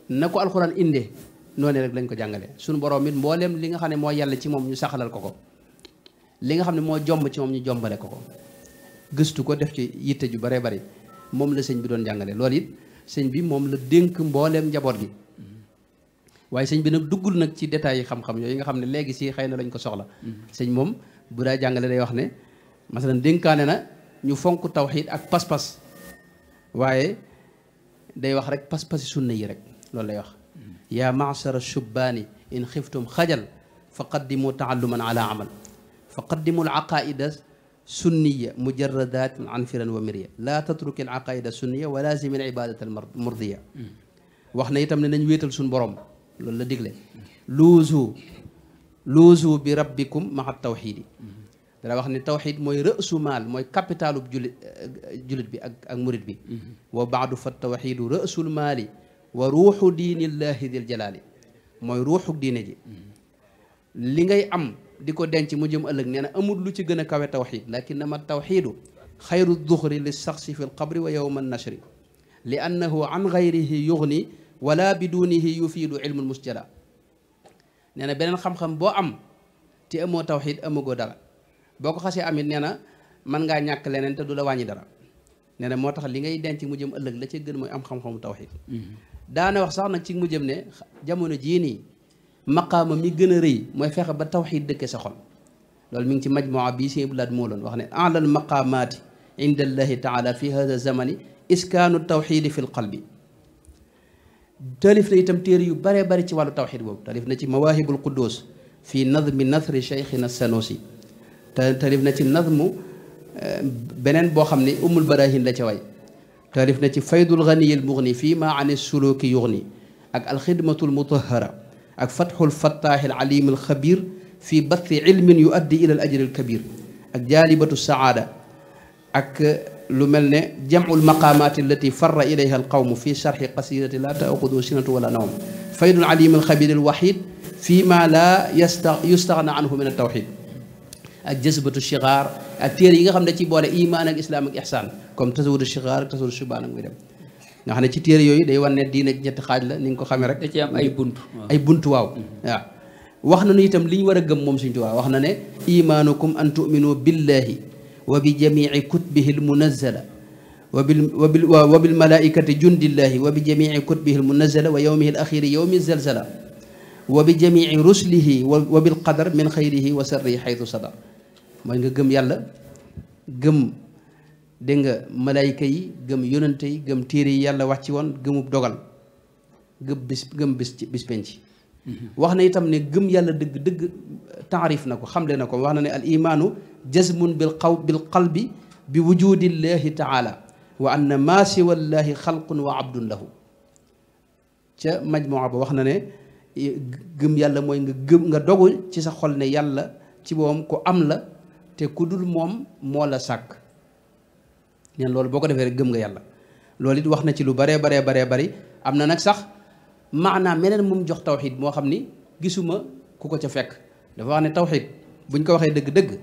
na ko alxuraan indee noonu rek lañ ko jàngale suñu borom it mbooleem li nga xam ne moo yàlla ci moom ñu saxalal ko ko li nga xam ne moo jomb ci moom ñu jombale ko ko gëstu ko def ci yitte ju bare bari moom la sëñ bi doon jàngale lool it sëñ bi moom la dénk mbooleem njaboot gi waaye sëñ bi nag duggul nag ci détails yi xam-xam yooyu nga xam ne léegi si xëy na lañ ko soxla mm-hmm. sëñ moom bu daa jàngale day wax ne masalan dénkaane na ñu fonk tawxiid ak pas-pas waaye day wax rek pas-pasi sunna yi rek loolu lay wax yaa maachara shubbaani in xiftum xajal fa qaddimu taalluman ala amal fa qaddimu alaqaida sunniya mujaradatin an firan wa mirya laa tatruki alaqaida sunniya wa laazim alibadata almurdiya mm. wax na itam ne nañ wéetal suñ borom loolu la digle luusu luusu bi rabbikum maxa tawxiid yi wax ne tawxiid mooy rësu maal mooy capitalu julit eh, julit bi ak ak murit bi wa baadu fa tawxiidu rësul maali wa di diinillahi mooy ruuxu diine ji li ngay am di ko denci mu jëm ëllëg nee na amul lu ci gën a kawe tawxiid lakin ma tawxiidu xayru duxri li saxsi fi lqabri wa yowma nashri li annahu an gayrihi yugni wala bidunihi yufiidu ilmu lmusjala nee na beneen xam-xam boo am te amoo tawxiid amagoo dara boo ko xasee amit nee na mën ngaa ñàkk leneen te du la wàññi dara nee na moo tax li ngay denc mu jëm ëllëg la ca gën mooy am xam-xamu tawxiid mm-hmm. daana wax sax nag ci mu jëm ne jamono jii nii maqaama mi gën a rëy mooy fexe ba tawxiid dëkke sa loolu mu ngi ci majmoa bii sëñ Blaat moo loon wax ne alal maqaamaati inda allahi taala fi hada zamani iskaanu tawxiidi fi l qalbi taalif na itam téere yu baree bari ci wàllu tawxid boobu taalif na ci mawaahibul quddus fii nadmi nasri cheikhina sanosi taalif na ci nadmu eh, beneen boo xam ne umul barahin la ca way taalif na ci faydul ganiyil mugni fii ma ani suluki yugni ak alxidmatul mutahara ak fatxul fattaaxil alimul xabir fii bathi ilmin yu addi ila al ajril kabir ak jaalibatu saada ak lu mel ne jamul maqaamaati allati farra ilayha alqawmu fi sharxi qasidati la taaxudu sinatu wala nawm faydul alim alxabir alwahid fi ma la yasta yustaxna anhu min altawxid ak jësbatu shigaar ak téere yi nga xam ne ci boole iman ak islaam ak ihsaan comme tasawudu shigaar ak tasawudu shubaan xam ne ci téere yooyu day wan ne diine ñetti xaaj la ni nga ko xamee rek da ci am ay bunt ay bunt waaw mm-hmm. waaw wax na nu itam li ñu war a gëm moom suñu tuwaa wax na ne imaanukum an tuminu billahi wa bi jamici kutbihi almunazala wa bilmalaikati jundillahi wa bi jamici kutbihi almunazala wa yowmihi alaxiri yowmi zalzala wa bi jamici rusulihi wa bilqadar min xayrihi wa sarrihi xaytu sada mooy nga gëm yàlla gëm dégg nga malayka yi gëm yonante yi gëm téere yi yàlla wax ci woon gëmub dogal gëm bis gëm wax na itam ne gëm yàlla dëgg dëgg taarif na ko xamle na ko wax na ne al imaanu jazmun bil xaw bil qalbi bi wujudillahi taala wa anna maa siwallahi xalqun wa abdun lahu ca majmua ba wax na ne gëm yàlla mooy nga gëm nga dogu ci sa xol ne yàlla ci boobam ko am la te ku dul moom moo la sàkk neen loolu boo ko defee rek gëm nga yàlla loolu it wax na ci lu baree baree baree bari am na nag sax naa maanaam meneen moom jox tawxid moo xam ni gisuma ku ko ca fekk dafa wax ne tawxid buñ ko waxee dëgg-dëgg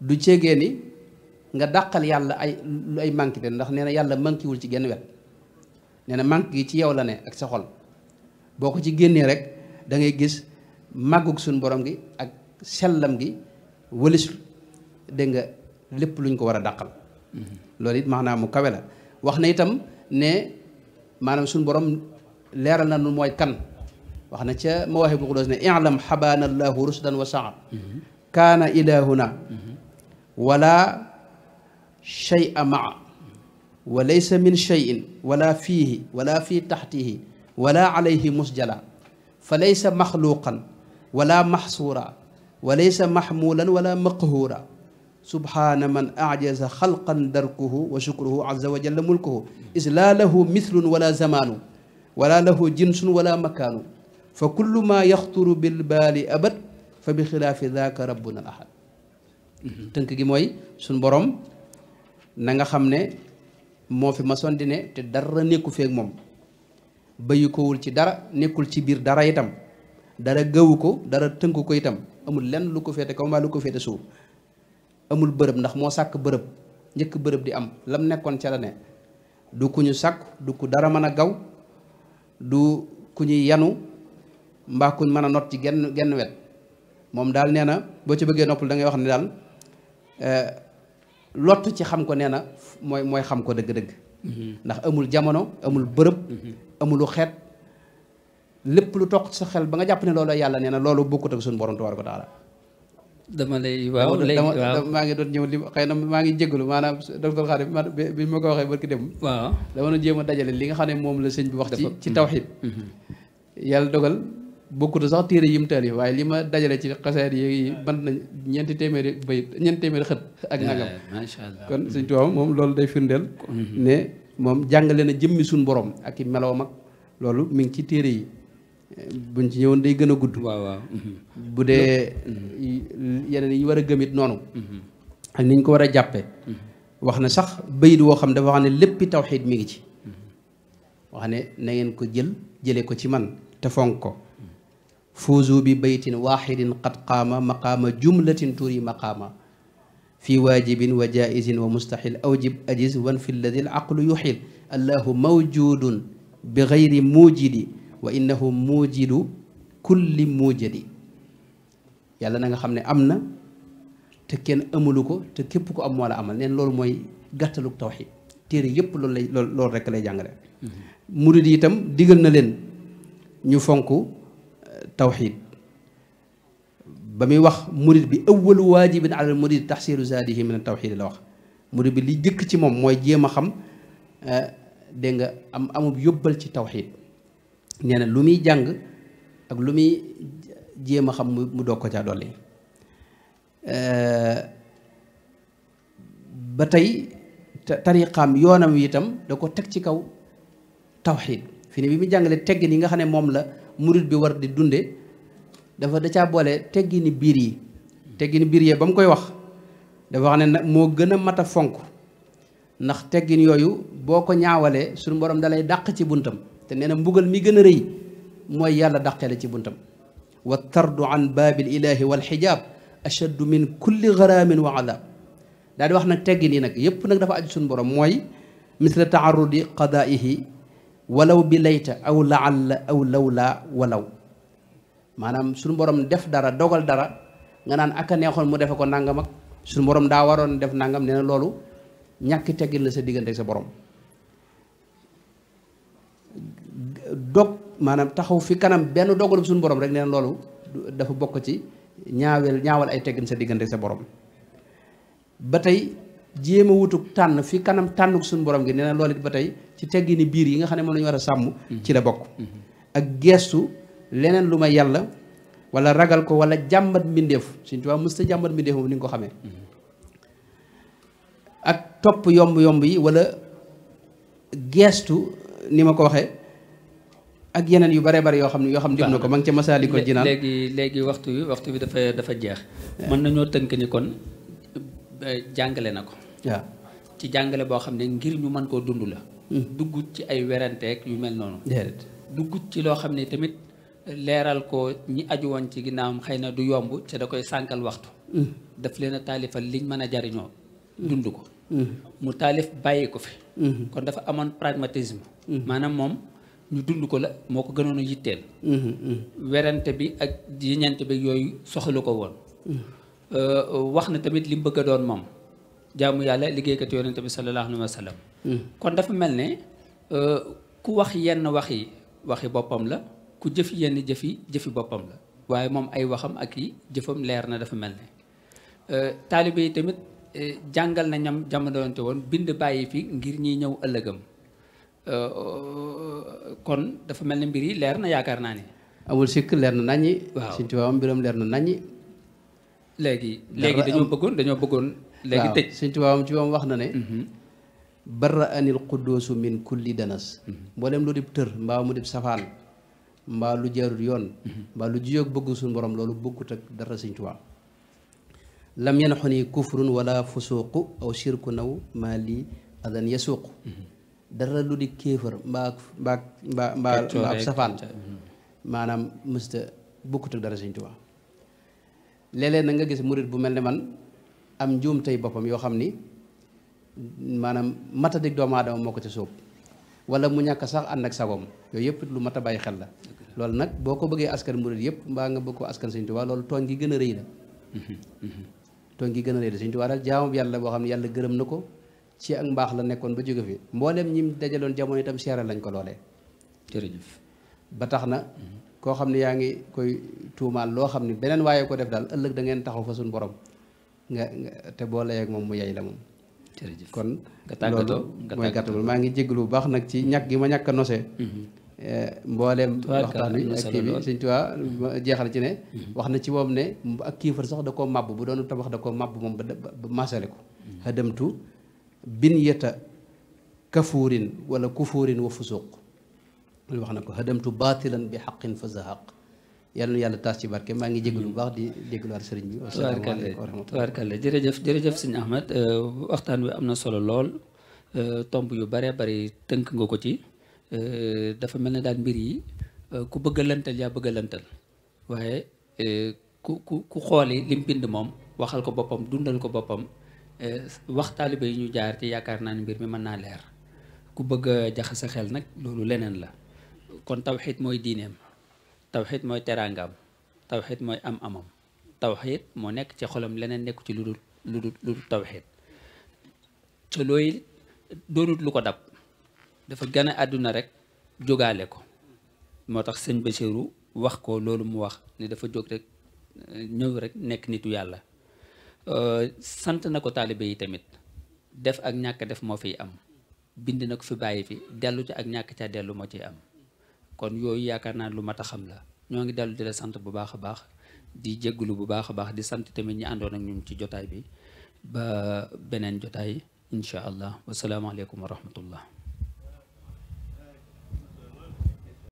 du ceegee ni nga dàqal yàlla ay lu ay manqué te ndax nee na yàlla manqué wul ci genn wet nee na manqué gi ci yow la ne ak sa xol boo ko ci génnee rek da ngay gis màggug suñ borom gi ak sellam gi wëlis dégg nga lépp luñ ko war a dàqal mm-hmm. loolu it maanaam mu kawe la wax na itam ne maanaam suñ borom leeral na nu mooy kan wax na ca mawaahibu xudóos ne ilam xabaana allahu rusdan wa saa kaana ilahuna wala shay'a maa wa laysa min cheyin wala fiihi wala fii taxtihi wala alayhi musjala fa laysa maxluqan wala maxsuura wa laysa maxmuulan wala maqhuura subhaana man ajaza xalqan darkuhu wa shukruhu azza wa jalla mulkuhu is laa lahu mithlun wala zamaanu wala lahu jinsun wala makaanu fa kullu ma yaxturu bil baali abad fa bi xilaafi daaka rabbuna al ahad tënk gi mooy suñ borom nanga xam ne moo fi masoon di te dara nekku feek moom bayu kowul ci dara nekkul ci biir dara itam dara gëwu ko dara tënku ko itam amul lenn lu ko féete kaw mbaa lu ko féete suuf amul bërëb ndax moo sàkk bërëb njëkk bërëb di am lam nekkoon ca la ne du ñu sàkk du ku dara mën a gaw du ku ñuy yanu mbaa kuñ mën a not ci genn genn wet moom daal nee na boo ci bëggee noppal da ngay wax ne daal eh, lottu ci xam ko nee na mooy mooy xam ko dëgg-dëgg mm-hmm. ndax amul jamono amul bërëb mm-hmm. amulu xeet lépp lu toq sa xel ba nga jàpp ne loolu yàlla nee na loolu bokkut ak suñu borom tabaaraka wa taala dama lay waaw léegi waaw maa ngi doon ñëw li xëy na maa ngi jégalu maanaam docteur Xaadim bi ma ko waxee barki dem waaw dama doon jéem a dajale li nga xam ne moom la sëñ bi wax ci ci tawxid mm-hmm. mm-hmm. yàlla dogal bokkut sax téere yi mu taalif waaye li ma dajale ci xasaar yi mën na ñeenti téeméeri bayit ñeenti téeméeri xët ak nangam macha allah kon sëñ Tuubaa moom loolu day firndeel mm-hmm. ne moom jàngale na jëmmi suñu borom ak i meloom ak loolu mi ngi ci téere yi bu ci ñëwoon day gën a gudd. waaw mm-hmm. bu dee mm-hmm. yeneen yi ñu war a gëm noonu. Mm-hmm. ak ni ñu ko war a jàppee. wax na sax bayit woo xam dafa wax ne léppi tawxiid mi ngi ci. wax ne na ngeen ko jël jëlee ko ci man te fonk ko. fuuzu bi baytin waaxidin qad qaama maqaama jumlatin turi maqaama. fi waajibin wa jaaisin wa mustaxil awjib ajiz wan fi alladi al aqlu yuxil allahu mawjudun bi gayri mujidi wa innahu muujidu kulli muujadi yàlla na nga xam ne am na te kenn amulu ko te képp ko am moo la amal neen loolu mooy gàttaluk tawxid téere yépp loolu lay loolu rekk lay jàngale mm-hmm. murid yi itam digal na leen ñu fonk euh, tawxid ba muy wax murid bi awwalu waajibin alal murid taxsiiru zaadihi min tawxid la wax murid bi li jëkk ci moom mooy jéem a xam euh, dégg nga am amub yóbbal ci tawxid nee lu muy jàng ak lu muy jéem a xam mu doog ko caa dolli ba tey tariqaam yoonam wi itam da ko teg ci kaw tawxiit fi ne bi mu jàngale teggin yi nga xam ne moom la murit bi war di dunde dafa da caa boole teggini biir yi teggini biir yee ba mu koy wax dafa wax ne nag moo gën a mat a fonk ndax teggin yooyu boo ko ñaawalee suñu borom dalay dàq ci buntam te nee na mbugal mi gën a rëy mooy yàlla daqale ci buntam wa tardu an baabil ilaahi wal xijaab ashaddu min kulli garaamin wa adaab daal di nag teggin nag yépp nag suñu borom mooy misla taarudi walaw bi layta aw laalla aw lawlaa walaw maanaam suñu borom def dara dogal dara nga naan aka neexoon mu defe ko nangam suñu borom daa waroon def nangam nee na loolu ñàkki teggin la sa diggante sa borom dog maanaam taxaw fi kanam benn dogalum suñu borom rek neen loolu dafa bokk ci ñaawel ñaawal ay teggin sa diggante sa borom ba tey jéem a wutuk tànn fi kanam tànnuk suñu borom gi nee na it ba tey ci teggini biir yi nga xam ne moom la ñu war a sàmm mm-hmm. ci la bokk mm-hmm. ak geestu leneen lu ma yàlla wala ragal ko wala jàmbat mbindeef suñu tubaab mës ta jàmbat mbindeef ni nga ko xamee mm-hmm. ak topp yomb yomb yi wala geestu ni ma ko waxee ak yeneen yu bare bare yoo xam ne yoo xam ne. na ko ma ngi ca ko Jinaan léegi léegi waxtu bi waxtu bi dafa dafa jeex. mën nañoo tënk ni kon jàngale na ko. waaw ci jàngale boo xam ne ngir ñu mën koo dund la. Hmm. duggut ci ay weranteeg yu mel noonu. déedéet duggut ci loo xam ne tamit leeral ko ñi aju woon ci ginnaawam xëy na du yomb te da koy sànkal waxtu. Hmm. daf leen a taalifal liñ mën a jariñoo. Hmm. dund ko. mu taalif bàyyi ko fi. kon dafa amoon pragmatisme. maanaam moom. ñu dund ko la moo ko gënoon a yitteel werante bi ak jiñante bi yooyu soxalu ko woon euh, wax na tamit li mu bëgg a doon moom jàmm yàlla liggéeykat yonent bi sallallahu alayhi wa sallam kon dafa mel ne euh, ku wax yenn waxi waxi boppam la ku jëf yenn jëfi jëfi boppam la waaye moom ay waxam ak yi jëfam leer na dafa mel ne euh, taalibe yi tamit jàngal na ñam jamononte woon bind bàyyi fi ngir ñiy ñëw ëllëgam Euh, euh, kon dafa mel ne mbir yi leer na yaakaar naa ni. amul sikk leer na naññi. waaw Sëñ mbiram leer na naññi. léegi léegi dañoo bëggoon dañoo bëggoon. léegi tëj waaw Sëñ ci moom wax na ne. Mhm. barra anil quddoosu min kulli danas. Mhm. mboolem lu dib tër mbaa mu dib safaan. mbaa lu jaarul yoon. Mhm. mbaa lu jiyoog bëgg suñu borom loolu bëggut ak dara Sëñ Tuubaa. lam yanxuni kufrun wala fusuuqu aw shirku naw maa lii adan yasuuqu dara lu di kéefër mbaa mbaa mbaa mbaa ak safaan mhm. maanaam mësta bokkut ak dara sëñ Tuubaa léeg-léeg na nga gis murit bu mel ne man am njuum tey boppam yoo xam ni maanaam matadik doomu aadama moo ko ci sóob wala mu ñàkk sax ànd ak sagoom yooyu yëpp lu mat a bàyyi xel la loolu nag boo ko bëggee askan murit yëpp mbaa nga bëgg ko askan sëñ Tuubaa loolu tooñ gi gën a rëy la mhm, mhm. tooñ gi gën a rëy la sëñ Tuubaa daal jaamu yàlla boo xam ne yàlla gërëm na ko ci ak mbaax la nekkoon ba jóge fi mbooleem ñi mu dajaloon jamono itam seeral lañ ko loolee jërëjëf ba tax na koo xam ne yaa ngi koy tuumaal loo xam ne beneen waaye ko def daal ëllëg da ngeen taxaw fa suñ borom nga te boo moom mu yey la moom jërëjëf kon loolu mooy gàttal maa ngi jéglu bu baax nag ci ñàkk gi ma ñàkk a nosee mhm. eh, mbooleem waxtaan wi ak kii bi sëñ Tuubaa mhm. jeexal ci ne mhm. wax na ci moom ne ak kiifar sax da koo màbb bu doonu tabax da koo màbb moom ba masale ko xëdamtu binyata kafuurin wala kufuurin wa fusuuq loolu wax na ko hadamtu baatilan bi xaqin fa zahaq yàlla na yàlla taas ci barke maa ngi jégalu bu baax di jégaluwaat sëriñ bi. asalaamaaleykum wa rahmatulah tabaarkalla jërëjëf jërëjëf sëñ Ahmad euh, waxtaan wi am na solo lool euh, tomb yu bare bare tënk nga ko ci euh, dafa mel ne daal mbir yi ku bëgg a lëntal yaa bëgg lëntal waaye ku ku ku xooli lim bind moom waxal ko boppam dundal ko boppam. Eh, wax taaliba yi ñu jaar ci yaakaar naa ne mbir mi mën naa leer ku bëgg a sa xel nag loolu leneen la kon tawxid mooy diineem tawxid mooy teraangaam tawxid mooy am amam tawxid moo nekk ci xolam leneen nekku ci lu dul lu dul lu dul tawxid te looy doonut lu ko dab dafa gën a àdduna rek jógaale ko moo tax sëñ Basiru wax ko loolu mu wax ni dafa jóg rek eh, ñëw rek nekk nitu yàlla Euh, sant na ko taalibe yi tamit def ak ñàkk def moo fiy am bind na ko fi bàyyi fi dellu ci ak ñàkk ca dellu moo ci am kon yooyu yaakaar naa lu mat a xam la ñoo ngi dellu di la sant bu baax a baax di jéggulu bu baax a baax di sant tamit ñi àndoon ak ñu ci jotaay bi ba beneen jotaay incha allah wasalaamaaleykum wa rahmatullah